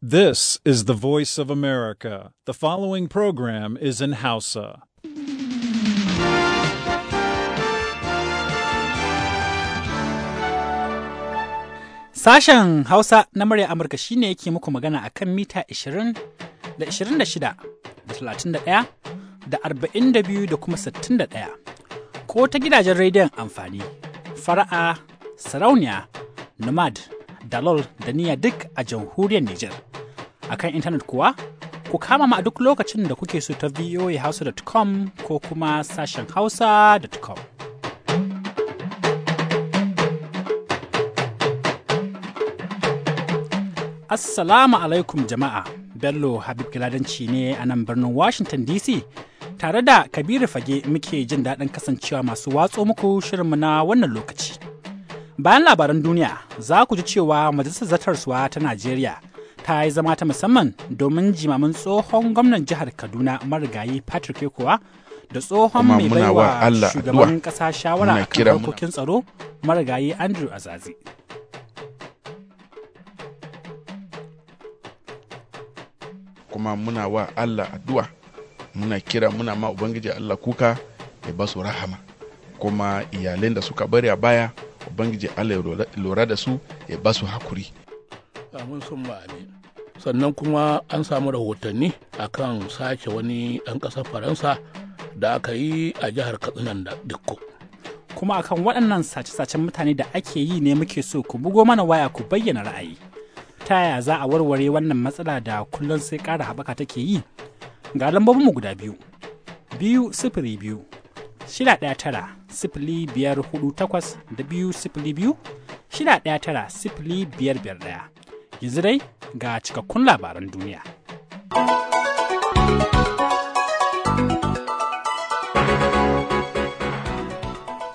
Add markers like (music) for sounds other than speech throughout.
This is the voice of America. The following program is in Hausa. Sashen Hausa na murya Amurka shine yake muku magana a kan mita 20 da 26 da 31 da 42 da kuma 61 ko ta gidajen rediyon amfani fara'a sarauniya nomad dalol da niyya duk a jamhuriyar Nijar. A kan intanet kuwa, ku kama ma a duk lokacin da kuke so ta voahausa.com ko kuma sashen hausa.com. Assalamu alaikum jama'a, Bello Habib Giladanci ne a nan birnin Washington DC. Tare da Kabiru Fage muke jin daɗin kasancewa masu watso muku shirinmu na wannan lokaci. Bayan labaran duniya, za ku ji cewa Majalisar Zartarsuwa ta Najeriya ta yi zama ta musamman domin jimamin tsohon gwamnan jihar Kaduna marigayi Patrick Ekuwa da tsohon mai baiwa shugaban kasa shawara kan harkokin tsaro marigayi Andrew Azazi. kuma muna wa Allah addu'a muna kira muna ma Ubangiji Allah kuka ya ba su rahama kuma iyalen da suka bari a baya Ubangiji Allah ya lura da su ya ba su hakuri. amin sun sannan kuma an samu rahotanni a kan sace wani ɗan ƙasar faransa da aka yi a jihar katsinan da dukko kuma akan waɗannan sace-sacen mutane da ake yi ne muke so ku bugo mana waya ku bayyana ra'ayi ta yaya za a warware wannan matsala da kullum sai ƙara haɓaka take yi ga lambobin mu guda biyu biyu sifiri biyu shida ɗaya tara sifili biyar hudu takwas da biyu sifili biyu shida ɗaya tara sifili biyar biyar ɗaya Yanzu dai ga cikakkun labaran duniya.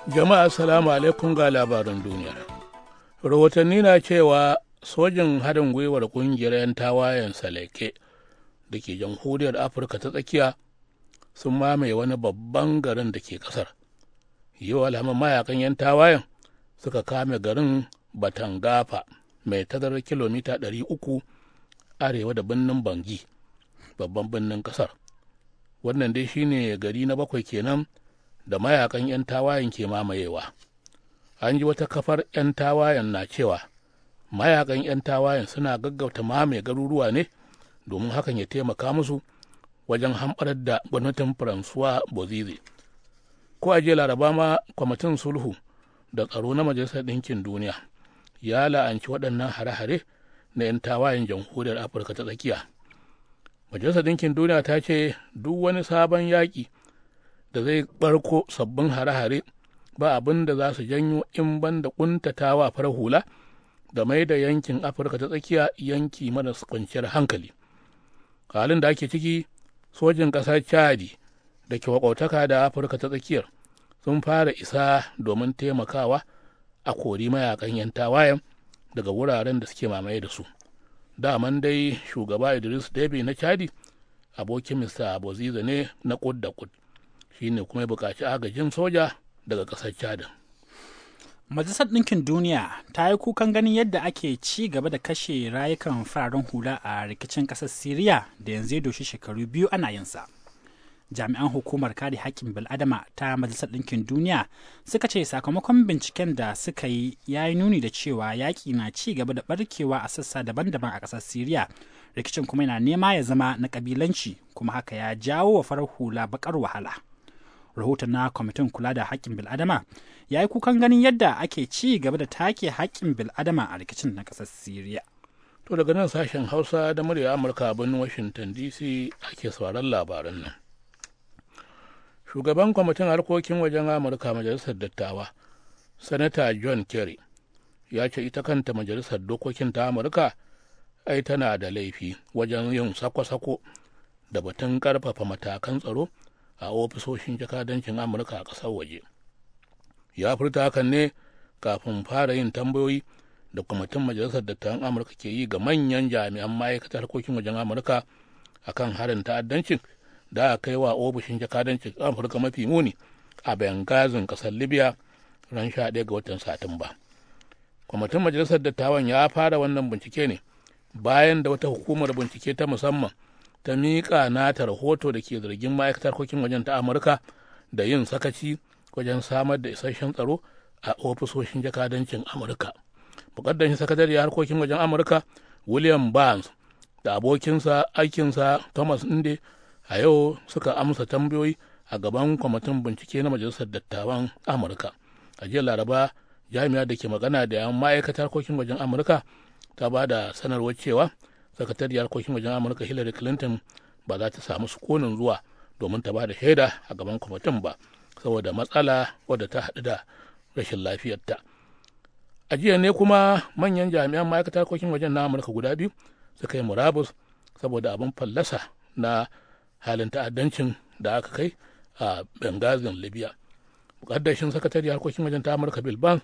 Jama'a salamu alaikum ga labaran duniya. Rahotanni na cewa sojin haɗin gwiwar ƙungiyar 'yan tawayen Saleke da ke jamhuriyar Afirka ta tsakiya sun mamaye wani babban garin da ke ƙasar. Yau alhamin mayakan 'yan tawayen suka kame garin Batangafa mai tazarar kilomita 300 arewa da birnin bangi babban birnin kasar wannan dai shine gari na bakwai kenan da mayakan 'yan tawayen ke mamayewa an ji wata kafar 'yan tawayen na cewa mayakan 'yan tawayen suna gaggauta mamaye garuruwa ne domin hakan ya taimaka musu wajen hamɓarar da gwamnatin faransuwa bozize ko a jiya laraba ma kwamitin sulhu da tsaro na majalisar ɗinkin duniya ya la'anci waɗannan hare-hare na 'yan tawayen jamhuriyar afirka ta tsakiya majalisar ɗinkin duniya ta ce duk wani sabon yaƙi da zai ɓarko sabbin hare-hare ba abin da za su janyo in ban da ƙuntatawa fara hula da mai da yankin afirka ta tsakiya yanki mana kwanciyar hankali halin da ake ciki sojin ƙasar chadi da ke da afirka ta tsakiyar sun fara isa domin taimakawa a kori mayakan 'yan tawayen daga wuraren da suke mamaye da su daman dai shugaba idris debi na chadi abokin mista abuziza ne na kud da kud shine kuma ya bukaci agajin soja daga ƙasar chadin majalisar ɗinkin duniya ta yi kukan ganin yadda ake ci gaba da kashe rayukan fararen hula a rikicin ƙasar siriya da yanzu ya doshi shekaru biyu ana yinsa jami'an hukumar kare haƙƙin bil'adama ta majalisar ɗinkin duniya suka ce sakamakon binciken da suka yi ya yi nuni da cewa yaƙi na ci gaba da ɓarkewa a sassa daban-daban a ƙasar siriya rikicin kuma yana nema ya zama na ƙabilanci kuma haka ya jawo wa farar hula baƙar wahala rahoton na kwamitin kula da haƙƙin bil'adama ya yi kukan ganin yadda ake ci gaba da take haƙƙin bil'adama a rikicin na ƙasar siriya to daga nan sashen hausa da murya amurka a birnin washington dc ake sauraron labaran nan shugaban kwamitin harkokin wajen amurka majalisar dattawa sanata john kerry ya ce ita kanta majalisar dokokin ta amurka ai tana da laifi wajen yin sako-sako da batun karfafa matakan tsaro a ofisoshin jakadancin amurka a ƙasar waje ya furta hakan ne kafin fara yin tambayoyi da kwamitin majalisar dattawan amurka ke yi ga manyan jami'an ma'aikatar harkokin wajen amurka akan harin ta'addancin da a kai wa ofishin jakadancin amurka mafi muni a bengazin kasar libya ran sha ɗaya ga watan satumba kwamitin majalisar dattawan ya fara wannan bincike ne bayan da wata hukumar bincike ta musamman ta miƙa nata rahoto da ke zargin ma'aikatar harkokin wajen ta amurka da yin sakaci wajen samar da isasshen tsaro a ofisoshin jakadancin amurka mukaddashin sakatare harkokin wajen amurka william barnes da abokinsa aikinsa thomas inde. a yau suka amsa tambayoyi a gaban kwamitin bincike na majalisar dattawan amurka a jiya laraba jami'a da ke magana da yan ma'aikatar harkokin wajen amurka ta ba da sanarwar cewa sakatariyar harkokin wajen amurka hillary clinton ba za ta samu sukunin zuwa domin ta ba da shaida a gaban kwamitin ba saboda matsala wadda ta haɗu da rashin lafiyarta a jiya ne kuma manyan jami'an ma'aikatar harkokin wajen na amurka guda biyu suka yi murabus saboda abin fallasa na halin ta'addancin da aka kai a bengazin libya mukaddashin sakatari harkokin wajen ta amurka bill bank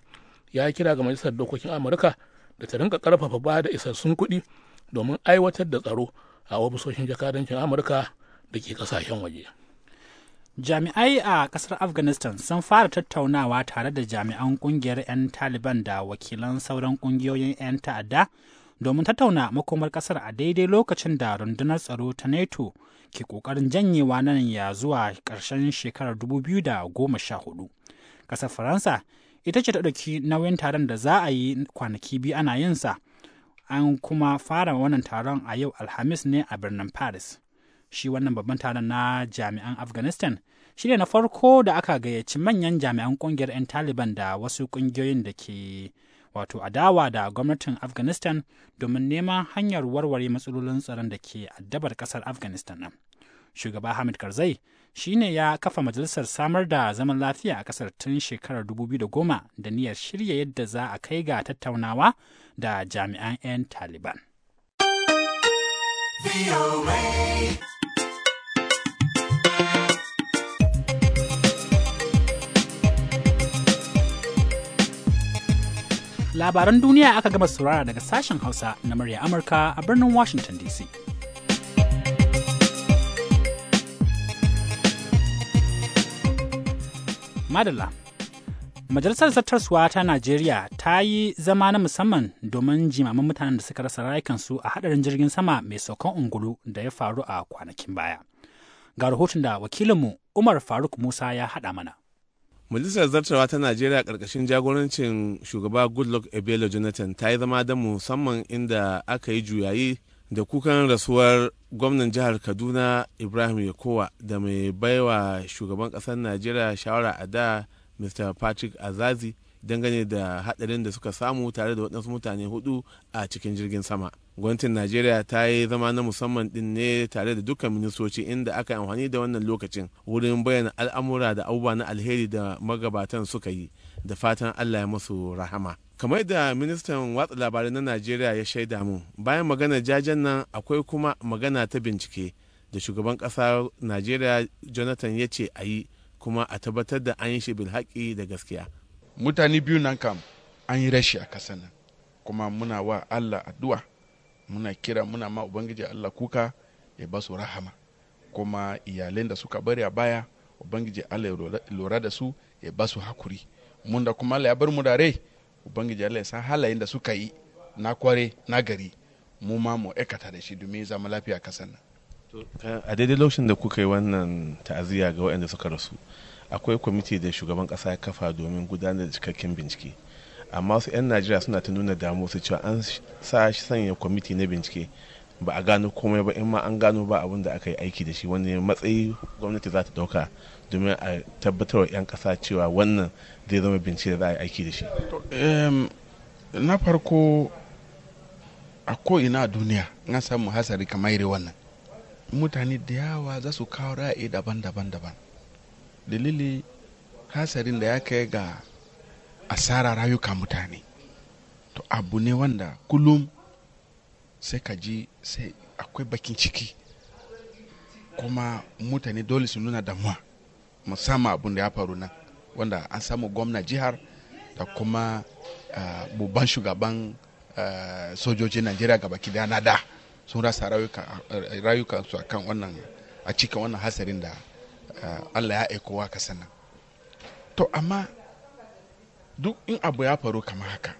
ya kira ga majalisar dokokin amurka da ta rinka karfafa ba da isassun kuɗi domin aiwatar da tsaro a ofisoshin jakadancin amurka da ke kasashen waje jami'ai a ƙasar afghanistan sun fara tattaunawa tare da jami'an ƙungiyar 'yan taliban da wakilan sauran ƙungiyoyin 'yan ta'adda domin tattauna makomar ƙasar a daidai lokacin da rundunar tsaro ta nato ke ƙoƙarin janyewa nan ya zuwa ƙarshen shekarar 2014. Ƙasar Faransa ita ce ta ɗauki nauyin taron da za a yi kwanaki biyu ana yinsa, an kuma fara wannan taron a yau Alhamis ne a birnin Paris. Shi wannan babban taron na jami'an Afghanistan shi ne na farko da aka gayyaci manyan jami'an ƙungiyar 'yan Taliban da wasu ƙungiyoyin da ke wato adawa da gwamnatin afghanistan domin neman hanyar warware matsalolin tsaron da ke addabar kasar afghanistan nan shugaba hamid karzai shi ne ya kafa majalisar samar da zaman lafiya a kasar tun shekarar 2010 da niyyar shirya yadda za a kai ga tattaunawa da jami'an 'yan taliban labaran duniya aka gama saurara daga sashen Hausa na murya Amurka a birnin Washington DC. Madala, Majalisar zartarsuwa ta Najeriya ta yi zama na musamman domin jimamin mutanen da suka rasa rayukansu a hadarin jirgin sama mai saukan ungulu da ya faru a kwanakin baya. Ga rahoton da wakilinmu Umar Faruk Musa ya haɗa mana. majalisar zartarwa ta najeriya karkashin jagorancin shugaba goodluck ebelo jonathan ta yi zama da musamman inda aka yi juyayi da kukan rasuwar gwamnan jihar kaduna ibrahim yakowa da mai baiwa shugaban kasar najeriya shawara a da mr patrick azazi dangane da hadarin da suka samu tare da waɗansu mutane hudu a cikin jirgin sama gwamnatin najeriya ta yi zama na musamman din ne tare da dukkan ministoci inda aka yi amfani da wannan lokacin wurin bayyana al'amura da abubuwa na alheri da magabatan suka yi da fatan allah ya musu rahama kamar da ministan watsa labarai na najeriya ya shaida mu bayan magana jajen nan akwai kuma magana ta bincike da shugaban ƙasa najeriya jonathan ya ce a yi kuma a tabbatar da an yi shi bilhaƙi da gaskiya mutane biyu nan kam an yi rashi a ƙasa nan kuma muna wa allah addu'a muna kira muna ma ubangiji allah kuka ya ba su rahama kuma iyalen da suka bari a baya ubangiji allah ya lura da su ya ba su hakuri mun da kuma allah ya bar mu da rai ubangiji allah ya san halayen da suka yi na kware na gari mu ma mu aikata da shi domin zama lafiya kasan nan a daidai lokacin da kuka yi wannan ta'aziyya ga waɗanda suka rasu akwai kwamiti da shugaban ƙasa ya kafa domin gudanar da cikakken bincike amma su 'yan najeriya suna ta nuna damu su cewa an sa shi sanya kwamiti na bincike ba a gano komai ba in ma an gano ba abin da aka yi aiki da shi wani matsayi gwamnati za ta dauka domin a tabbatar wa 'yan kasa cewa wannan zai zama bincike da za a yi aiki da shi na farko a ko'ina ina duniya na samu hasari kamar wannan mutane da yawa za su kawo ra'ayi daban-daban daban dalili hasarin da ya kai ga asara rayuka mutane to abu ne wanda kullum sai ka ji sai akwai bakin ciki kuma mutane dole su nuna damuwa musamman abin da ya faru nan wanda an samu gwamna jihar da kuma uh, shugaban uh, sojojin najeriya gaba kida na da sun rasa eh, rayukansu a kan wannan a cikin wannan hasarin da allah ya aikowa ka sana to amma duk in abu ya faru kamar haka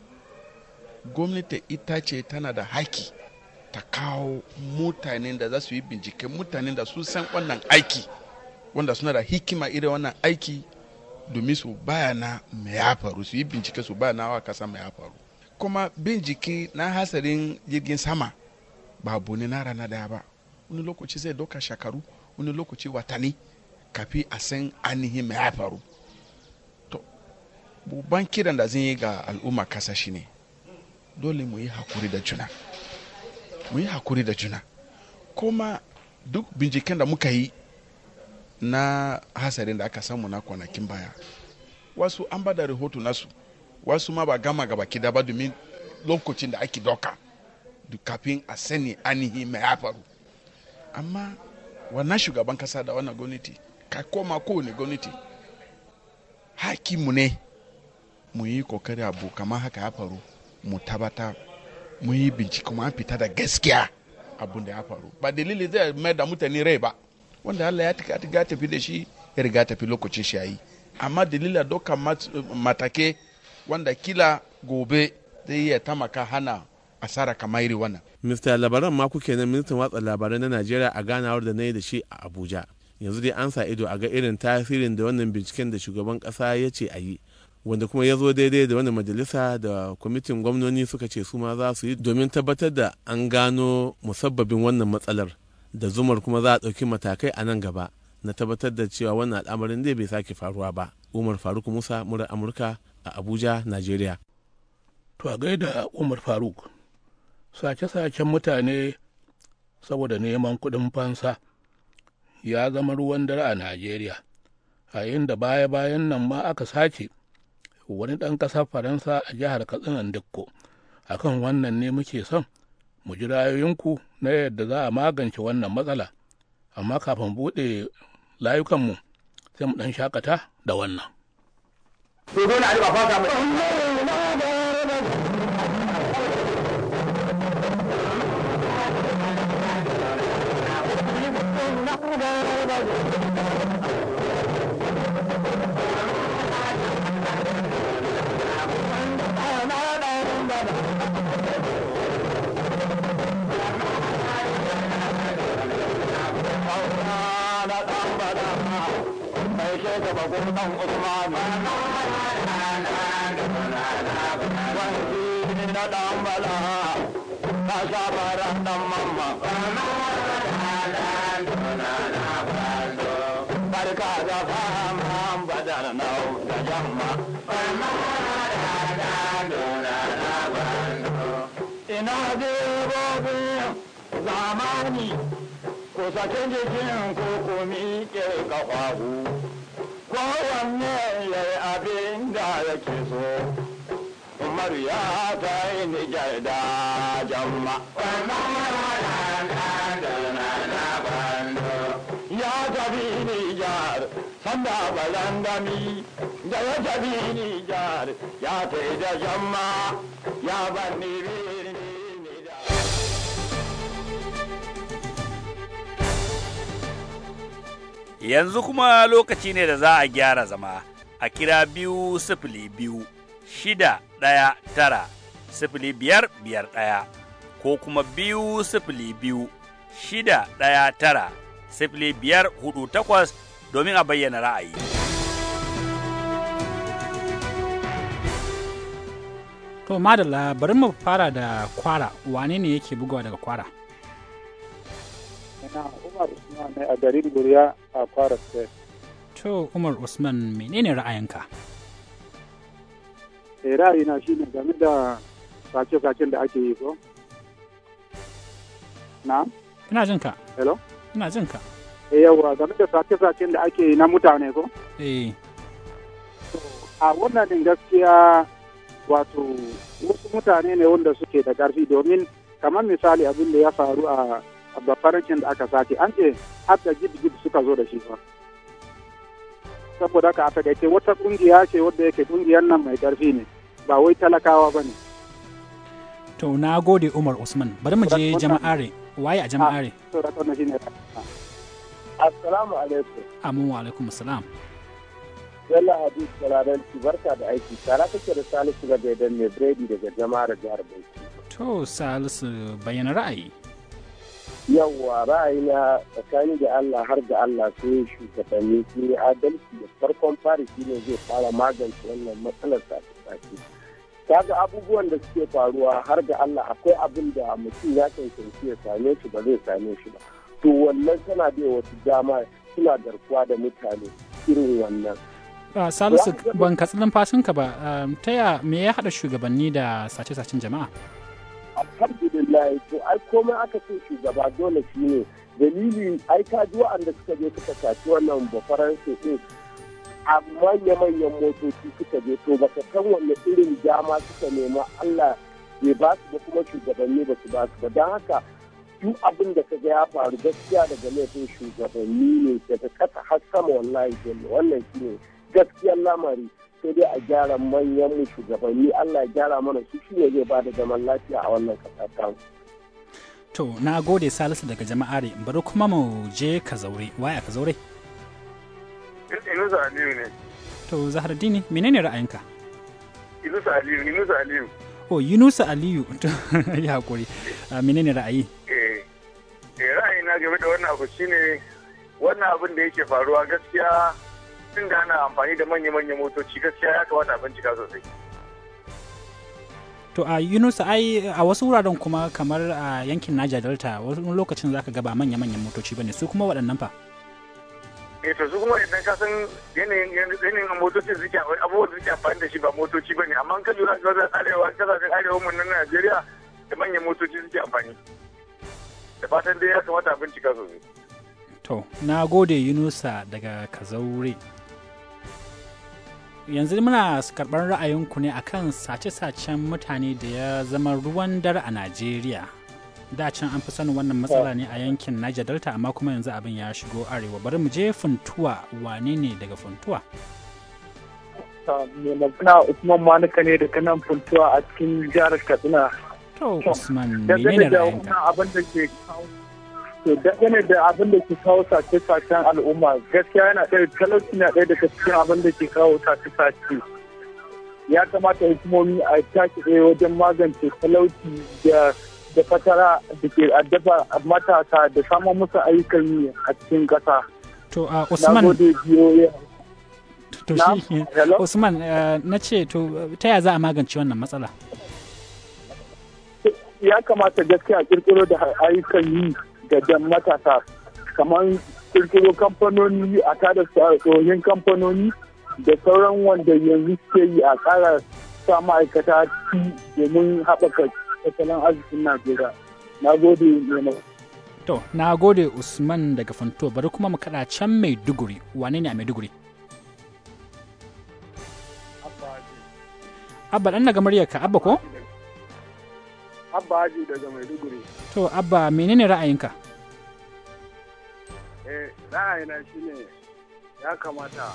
gwamnati ita ce tana da haki ta kawo mutanen da za su yi bincike mutanen da su san wannan aiki wanda suna da hikima irin wannan aiki domin su bayana mai ya faru su yi bincike su bayana wa kasa mai ya faru kuma bincike na hasarin jirgin sama ba ne na rana daya ba wani lokaci zai doka shakaru wani lokaci watanni kafi a san ainihin mai ya faru babban kiran da zan yi ga al'umma kasa shine dole mu yi hakuri da juna mu yi hakuri da juna kuma duk binciken da muka yi na hasarin da aka samu na kwanakin baya wasu an ba da rahoto nasu wasu ma ba gama ga gaba da ba domin lokacin da ake doka kafin a sani ainihin mai hafaru amma wannan shugaban kasa da wannan gwamnati ka koma kowane gwamnati hakimu ne mu yi kokari abu kamar haka ya faru mu tabata mu yi bincike mu an fita da gaskiya abun da ya faru ba dalili zai mai da mutane rai ba wanda Allah ya tafi da shi ya riga tafi lokacin shi yayi amma dalilin dukkan matake wanda kila gobe zai iya tamaka hana asara kamar iri wannan. Mr. Labaran ma kuke nan ministan watsa labarai na Najeriya a ganawar da na yi da shi a Abuja. Yanzu dai an sa ido a ga irin tasirin da wannan binciken da shugaban kasa ya ce a yi wanda kuma ya zo daidai da wani majalisa da kwamitin gwamnoni suka ce su ma za su yi domin tabbatar da an gano musabbabin wannan matsalar da zumar kuma za a ɗauki matakai a nan gaba na tabbatar da cewa wannan al'amarin zai bai sake faruwa ba umar faruk musa murar amurka a abuja nigeria to a gaida umar faruk sace-sacen mutane saboda neman kuɗin fansa ya zama ruwan dare a nigeria a inda baya-bayan nan ma aka sace wani ɗan ƙasar faransa a jihar katsina dikko akan wannan ne muke son mu ji ra'ayoyinku na yadda za a magance wannan matsala amma kafin buɗe layukanmu sai mu ɗan shakata da wannan. Thank (laughs) you. babban dan Usman wani na dan bala na sabaran dan mamma barka da fama badar nau da jamma ina direbobi zamani kusa cikin ko komi ke kakwahu kowanne ya yi abin da yake so umar ya ta yi nijar da jamma ya tafi nijar sanda dami, da ya tafi nijar ya ta yi da jamma ya ban nibi Yanzu kuma lokaci ne da za a gyara zama a kira biyu sifili biyu shida ɗaya tara sifili biyar biyar ɗaya ko kuma biyu sifili biyu shida ɗaya tara sifili biyar hudu takwas domin a bayyana ra'ayi. To madalla bari mu fara da kwara wane ne yake bugawa daga kwara? mai ne a garin Guriya a Kwara State. To Umar Usman menene ra'ayinka? Eh ra'ayina shine game da sace-sacen da ake yi ko? Na? Ina jin ka. Hello? Ina jin ka. Eh yawa game da sace-sacen da ake yi na mutane ko? Eh. A wannan din gaskiya wato wasu mutane ne wanda suke da ƙarfi domin kamar misali abin da ya faru a farkin da aka sace an ce har da gib suka zo da shi fa saboda ka a takaice wata kungiya ce wadda yake kungiyar nan mai karfi ne ba wai talakawa ba ne to na gode umar usman bari mu je jama'are waye a jama'are ah, assalamu alaikum amin wa alaikum assalam Bello Habib Salaranci barka da aiki tara kake da Salisu ga Gaidan mai Brady daga jama'ar jihar Bauchi. To Salisu bayyana ra'ayi. yawwa ra'ayina tsakani da Allah har da Allah yi shugabanni sun yi adalci da farkon fari ne zai fara magance wannan matsalar sace-sace ga abubuwan da suke faruwa har da Allah akwai abin da mutum ya cancanci ya same shi ba zai same shi ba to wannan tana da wasu dama suna garkuwa da mutane irin wannan ah, salisu ban katsi numfashinka ba ah, ta ya me ya haɗa shugabanni da sace-sacen jama'a yi to ai komai aka ce shugaba dole shi ne dalili ai ka ji wa'anda suka je suka saci wannan bafaransa ɗin a manya-manyan motoci suka je to ka san wanne irin dama suka nema Allah bai ba su ba kuma shugabanni ba su ba su ba don haka duk abin da kaga ya faru gaskiya daga laifin shugabanni ne daga kasa har sama wallahi wannan ne gaskiyar lamari sai dai a gyara manyan mu shugabanni Allah ya gyara mana su shi ne zai ba da zaman lafiya a wannan kasar To, na gode Salisu daga jama'are, bari kuma mu je ka zaure, waya ka zaure? Eh, Inusa Aliyu ne. To, Zahardini, menene ra'ayinka? Inusa Aliyu, Aliyu. Oh, Yunusa Aliyu, (laughs) to, ya hakuri, ah, menene ra'ayi? Eh, eh ra'ayi na game da wannan abu shine wannan abin da yake faruwa gaskiya tun da ana amfani da manya-manyan motoci gaskiya ya kamata a bincika sosai. To a Yunus ai a wasu wuraren kuma kamar a yankin Naja Delta wasu lokacin za ga ba manya-manyan motoci bane su kuma waɗannan fa. Eh to su kuma idan ka san yanayin yanayin motocin suke abubuwan suke amfani da shi ba motoci bane amma ka lura ga wajen arewa kasashen arewa mun na Najeriya da manyan motoci suke amfani. Da fatan dai ya kamata a bincika sosai. To, na gode Yunusa daga Kazaure. yanzu muna karɓar ra'ayinku ne akan sace-sacen mutane da ya zama ruwan dare a najeriya da can an fi sanin wannan matsala ne a yankin niger delta amma kuma yanzu abin ya shigo arewa bari mu je funtuwa wane ne daga funtuwa mai magana usman manuka ne daga nan funtuwa a cikin jihar katsina to usman menene ra'ayinka abin da to dangane da abin da ke kawo sace-sacen al'umma gaskiya yana ɗaya talauci na ɗaya daga cikin abin da ke kawo sace-sace ya kamata hukumomi a tashi ɗaya wajen magance talauci da da fatara da ke addaba matasa da samun musu ayyukan yi a cikin ƙasa. To uh, a Usman. To shi Usman na ce to ta ya za a magance wannan matsala? Ya kamata gaskiya kirkiro da ayyukan yi dan matasa kamar kirkiro kamfanoni a tada tsohon kamfanoni da sauran wanda yanzu ke yi a tsara sa ma'aikata ci domin haɓaka tattalin arzikin najeriya na gode yana to na gode usman daga fanto bari kuma mu kada can maiduguri wane ne a maiduguri abba ɗan daga muryarka abba ko? Abba Haji daga Maiduguri. To, Abba, menene ra'ayinka? Eh, ra'ayina shine ya kamata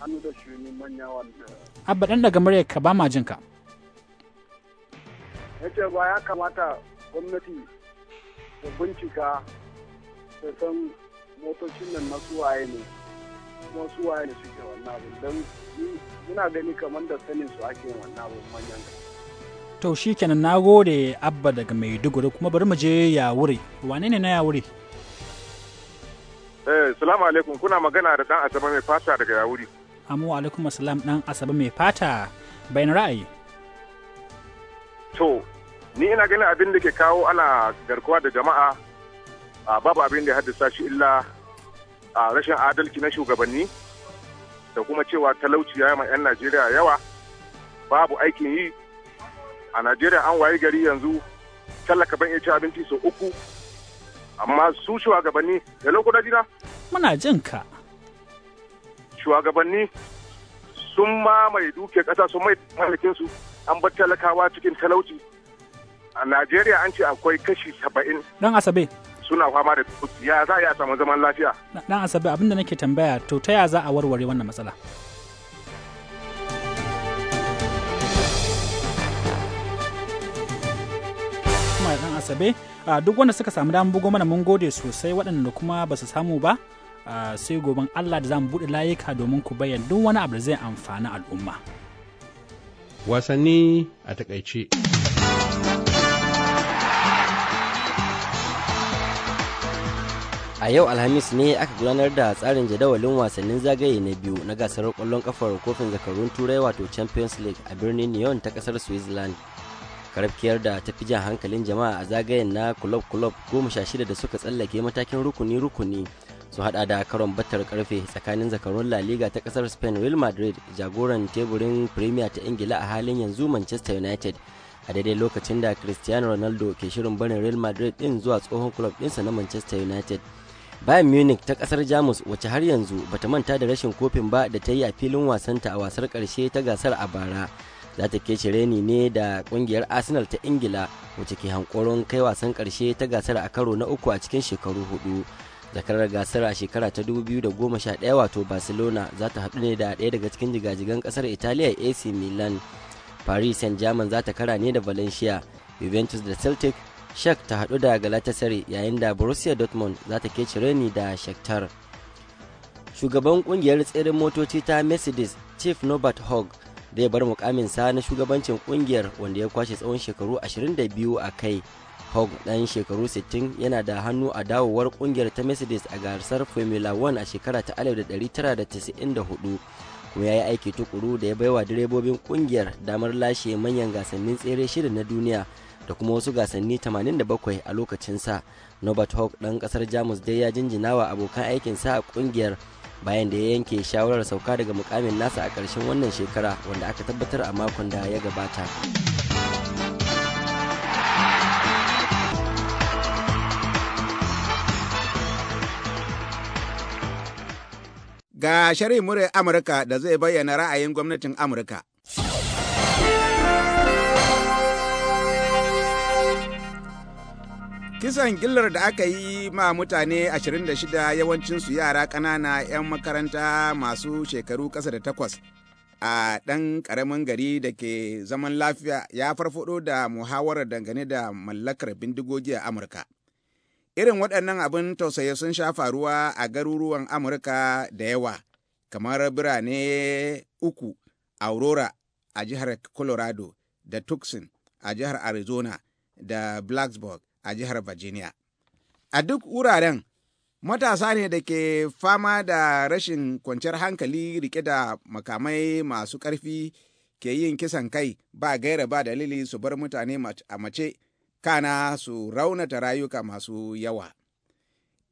hannu da shuni manya wanda. Abba, dan daga murya ka ba ma jinka. Yace ba ya kamata gwamnati ta bincika ta san motocin nan na suwaye ne, kuma suwaye ne suke wannan abin don muna gani kamar da sanin su ake wannan abin manyan gari. to shi kenan na gode abba daga duguri kuma bari mu je yawuri wane ne na yawuri eh salamu alaikum kuna magana da dan asaba mai fata daga yawuri amu alaikum assalam dan asaba mai fata bayan ra'ayi to ni ina ganin abin da ke kawo ana garkuwa da jama'a a babu abin da ya haddasa shi illa a rashin adalci na shugabanni da kuma cewa talauci ya ma 'yan najeriya yawa babu aikin yi a najeriya an waye gari yanzu tallaka ban ci abinci sau uku amma su shugabanni da lokuta jina muna jin ka shugabanni sun mamaye duke kasa sun mai mallakinsu, an bar talakawa cikin talauci a najeriya an ce akwai kashi saba'in dan asabe suna fama da ya za a samu zaman lafiya dan asabe abinda nake tambaya to ta ya za a warware wannan matsala jihar asabe a ah, duk wanda suka samu damar bugo mana mun gode sosai waɗanda kuma ba su samu ba ah, sai goben allah da za mu buɗe layuka domin ku bayyana duk wani abu da zai amfani al'umma wasanni a takaice a yau alhamis ne aka gudanar da tsarin jadawalin wasannin zagaye na biyu na gasar kwallon kafar kofin zakarun turai wato champions league a birnin neon ta kasar switzerland Karabkiyar da ta fi jan hankalin jama'a a zagayen na kulob-kulob goma sha shida da suka tsallake matakin rukuni-rukuni su hada da karon batar karfe tsakanin zakarun la liga ta kasar spain real madrid jagoran teburin premier ta ingila a halin yanzu manchester united a daidai lokacin da cristiano ronaldo ke shirin barin real madrid din zuwa tsohon club dinsa na manchester united bayan munich ta kasar jamus wacce har yanzu bata manta da rashin kofin ba da ta yi a filin wasanta a wasar karshe ta gasar a bara za ta kece reni ne da kungiyar arsenal ta ingila wacce ke hankoron kai wasan karshe ta gasar a karo na uku a cikin shekaru hudu zakarar gasar a shekara ta 2011 wato barcelona za ta haɗu ne da ɗaya daga cikin jigajigan ƙasar italiya ac milan paris saint germain za ta kara ne da valencia juventus da celtic shak ta haɗu da galatasaray yayin da borussia dortmund za ta kece reni da shakhtar shugaban kungiyar tseren motoci ta mercedes chief norbert hogg zai bar mukamin sa na shugabancin kungiyar wanda ya kwashe tsawon shekaru 22 a kai hog dan shekaru 60 yana da hannu a dawowar kungiyar ta mercedes a gasar formula 1 a shekara ta 1994 kuma ya yi aiki tukuru da ya baiwa direbobin kungiyar damar lashe manyan gasannin tsere shida na duniya da kuma wasu gasanni 87 a lokacinsa norbert hawk dan ƙasar jamus dai ya jinjinawa abokan aikinsa a ƙungiyar. bayan da ya yanke shawarar sauka daga mukamin nasa a ƙarshen wannan shekara wanda aka tabbatar a makon da ya gabata. Ga shari'in murar Amurka da zai bayyana ra'ayin gwamnatin Amurka. kisan gillar da aka yi ma mutane 26 yawancinsu yara ƙanana 'yan makaranta masu shekaru ƙasa da takwas a ɗan ƙaramin gari da ke zaman lafiya ya farfado da muhawarar dangane da mallakar bindigogi a amurka irin waɗannan abin tausayi sun sha faruwa a garuruwan amurka da yawa kamar birane uku aurora a jihar colorado da tucson a jihar arizona da blacksburg a jihar Virginia. A duk wuraren matasa ne da ke fama da rashin kwanciyar hankali rike da makamai masu ƙarfi ke yin kisan kai ba gaira ba dalili su bar mutane a mace kana su raunata rayuka masu yawa.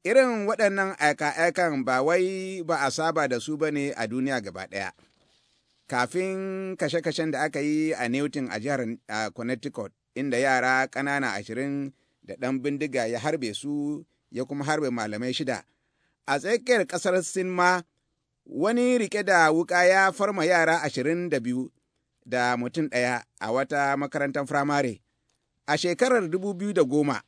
Irin waɗannan aika-aikan ba wai ba a saba da su ba ne a duniya gaba ɗaya. Kafin kashe-kashen da aka yi a Newton a jihar Connecticut inda yara ƙanana ashirin da ɗan bindiga ya harbe su ya kuma harbe malamai shida. A tsakiyar ƙasar Sin ma wani rike da wuƙa ya farma yara ashirin da biyu da mutum ɗaya a wata makarantar firamare. A shekarar dubu biyu da goma,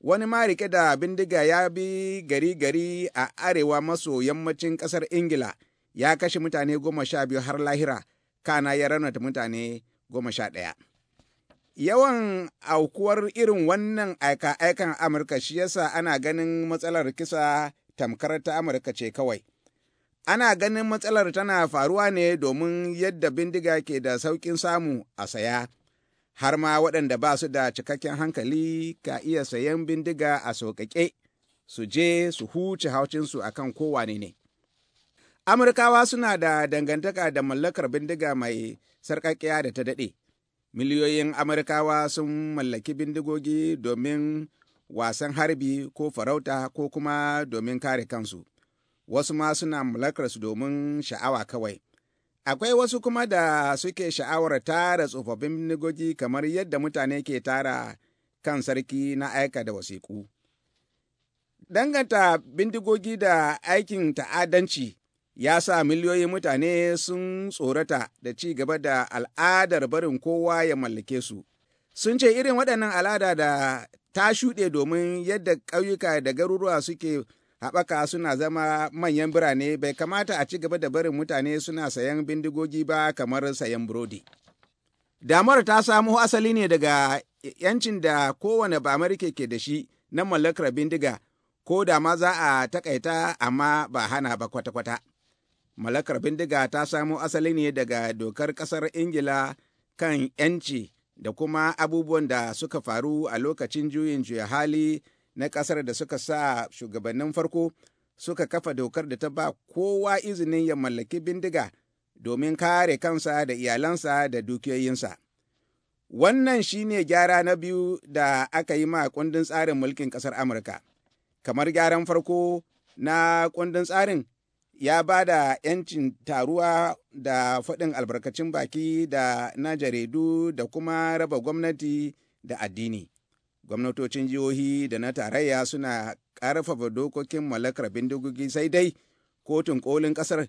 wani ma rike da bindiga ya bi gari-gari a arewa maso yammacin ƙasar Ingila ya kashe mutane goma sha biyu har lahira, kana ya raunata mutane goma sha ɗaya. yawan aukuwar irin wannan aika-aikan amurka shi yasa ana ganin matsalar kisa tamkar ta amurka ce kawai ana ganin matsalar tana faruwa ne domin yadda bindiga ke da sauƙin samu a saya har ma waɗanda ba su da cikakken hankali ka iya sayan bindiga a sauƙaƙe su je su huce haucinsu a kan kowane ne amurkawa suna da dangantaka da mallakar bindiga mai sarƙaƙiya da ta daɗe miliyoyin amurkawa sun mallaki bindigogi domin wasan harbi ko farauta ko kuma domin kare kansu wasu ma suna su domin sha'awa kawai akwai wasu kuma da suke sha'awar tara tsofaffin bindigogi kamar yadda mutane ke tara kan sarki na aika da wasiƙu danganta bindigogi da aikin ta'adanci ya sa miliyoyin mutane sun tsorata da ci gaba da al'adar barin kowa ya mallake su. Sun ce irin waɗannan al'ada da ta shuɗe domin yadda ƙauyuka da garuruwa suke haɓaka suna zama manyan birane bai kamata a ci gaba da barin mutane suna sayan bindigogi ba kamar sayan burodi. Damar ta samo asali ne daga yancin da kowane ba ke da shi na mallakar bindiga ko da ma za a takaita amma ba hana ba kwata-kwata. Malakar bindiga ta samo asali ne daga dokar ƙasar Ingila kan 'yanci da kuma abubuwan da suka faru a lokacin juyin juya hali na ƙasar da suka sa shugabannin farko suka kafa dokar da ta ba kowa izinin ya mallaki bindiga domin kare kansa da iyalansa da dukiyoyinsa. Wannan shi ne gyara na biyu da aka yi ma kundin tsarin mulkin ƙasar Amurka. Kamar gyaran farko na kundin tsarin, ya ba da 'yancin taruwa da faɗin albarkacin baki da na jaridu da kuma raba gwamnati da addini. Gwamnatocin jihohi da na tarayya suna ƙarfafa dokokin mallakar bindigogi sai dai kotun ƙolin ƙasar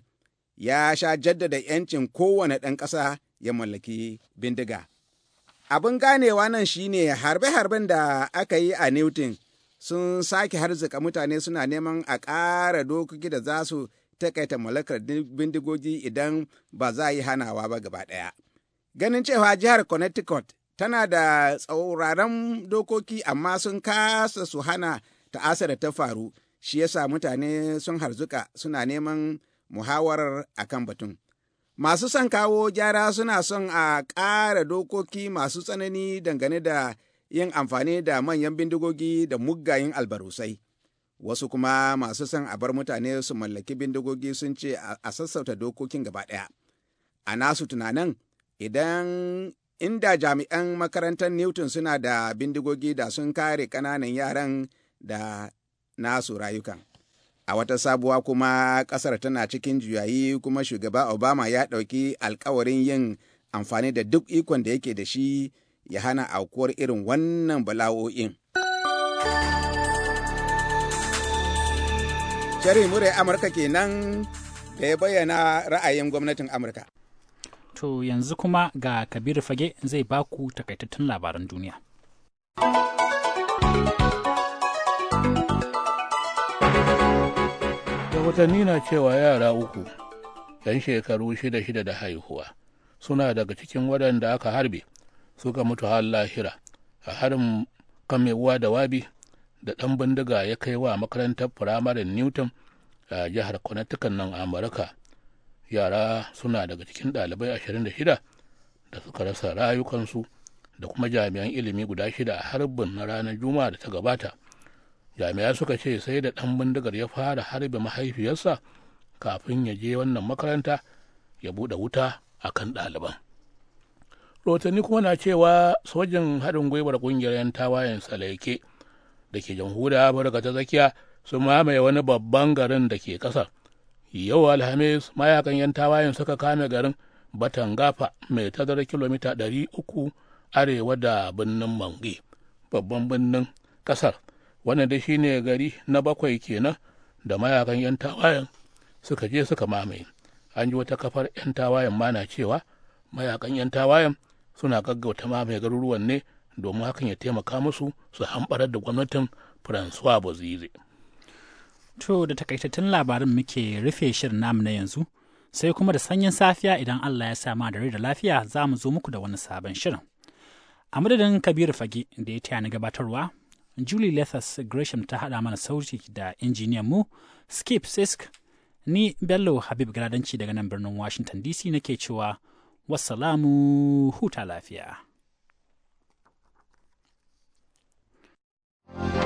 ya sha jaddada 'yancin kowane ɗan ƙasa ya mallaki bindiga. Abin ganewa nan shine harbe-harben da aka yi a Newton sun sake harzika mutane suna neman a ƙara dokoki da za su takaita mallakar bindigogi idan ba za a yi hanawa ba gaba ɗaya. Ganin cewa jihar Connecticut tana da tsauraran dokoki amma sun kasa su hana ta'asa da ta faru, shi yasa mutane sun harzuka suna neman muhawarar akan batun. Masu son kawo gyara suna son a ƙara dokoki masu tsanani dangane da yin amfani da manyan bindigogi da mugayen albarusai. wasu kuma masu son a bar mutane su mallaki bindigogi sun ce a sassauta dokokin gaba ɗaya a nasu tunanin idan inda jami'an makarantar newton suna da bindigogi da sun kare ƙananan yaran da nasu rayukan a wata sabuwa kuma ƙasar tana cikin juyayi kuma shugaba obama ya ɗauki alkawarin yin amfani da duk ikon da yake da shi ya hana aukuwar irin wannan bala'o'in. Sharhin murai Amurka kenan da ya bayyana ra'ayin gwamnatin Amurka. To yanzu kuma ga Kabiru Fage zai baku takaitattun labaran duniya. da watanni na cewa yara uku, ‘yan shekaru shida shida da haihuwa, suna daga cikin waɗanda aka harbe suka mutu har lahira a harin kan uwa da wabi da ɗan bindiga ya kai wa makarantar firamarin newton a jihar connecticut nan amurka yara suna daga cikin ɗalibai ashirin da shida da suka rasa rayukansu da kuma jami'an ilimi guda shida a harbin na ranar juma'a da ta gabata jami'a suka ce sai da ɗan bindigar ya fara harbe mahaifiyarsa kafin ya je wannan makaranta ya buɗe wuta a kan ɗaliban rotanni kuma na cewa sojin haɗin gwiwar ƙungiyar 'yan tawayen salaike da ke jamhuriyar Afirka ta tsakiya sun mamaye wani babban garin da ke ƙasar. Yau Alhamis mayakan 'yan tawayen suka kame garin Batangafa mai tazara kilomita ɗari uku, arewa da birnin Mange, babban birnin ƙasar. Wannan da shi ne gari na bakwai kenan da mayakan 'yan tawayen suka je suka mamaye. An ji wata kafar 'yan tawayen mana cewa mayakan 'yan tawayen suna gaggauta mamaye garuruwan ne domin hakan ya taimaka musu su hamɓarar da gwamnatin francois bozize to da takaitattun labarin muke rufe shirin namu na yanzu sai kuma da sanyin safiya idan allah ya sama da rai da lafiya za mu zo muku da wani sabon shirin a madadin kabiru fage da ya taya na gabatarwa julie lethas gresham ta haɗa mana sauti da injiniyan mu skip sisk ni bello habib gradanci daga nan birnin washington dc nake cewa wasalamu huta lafiya Thank you.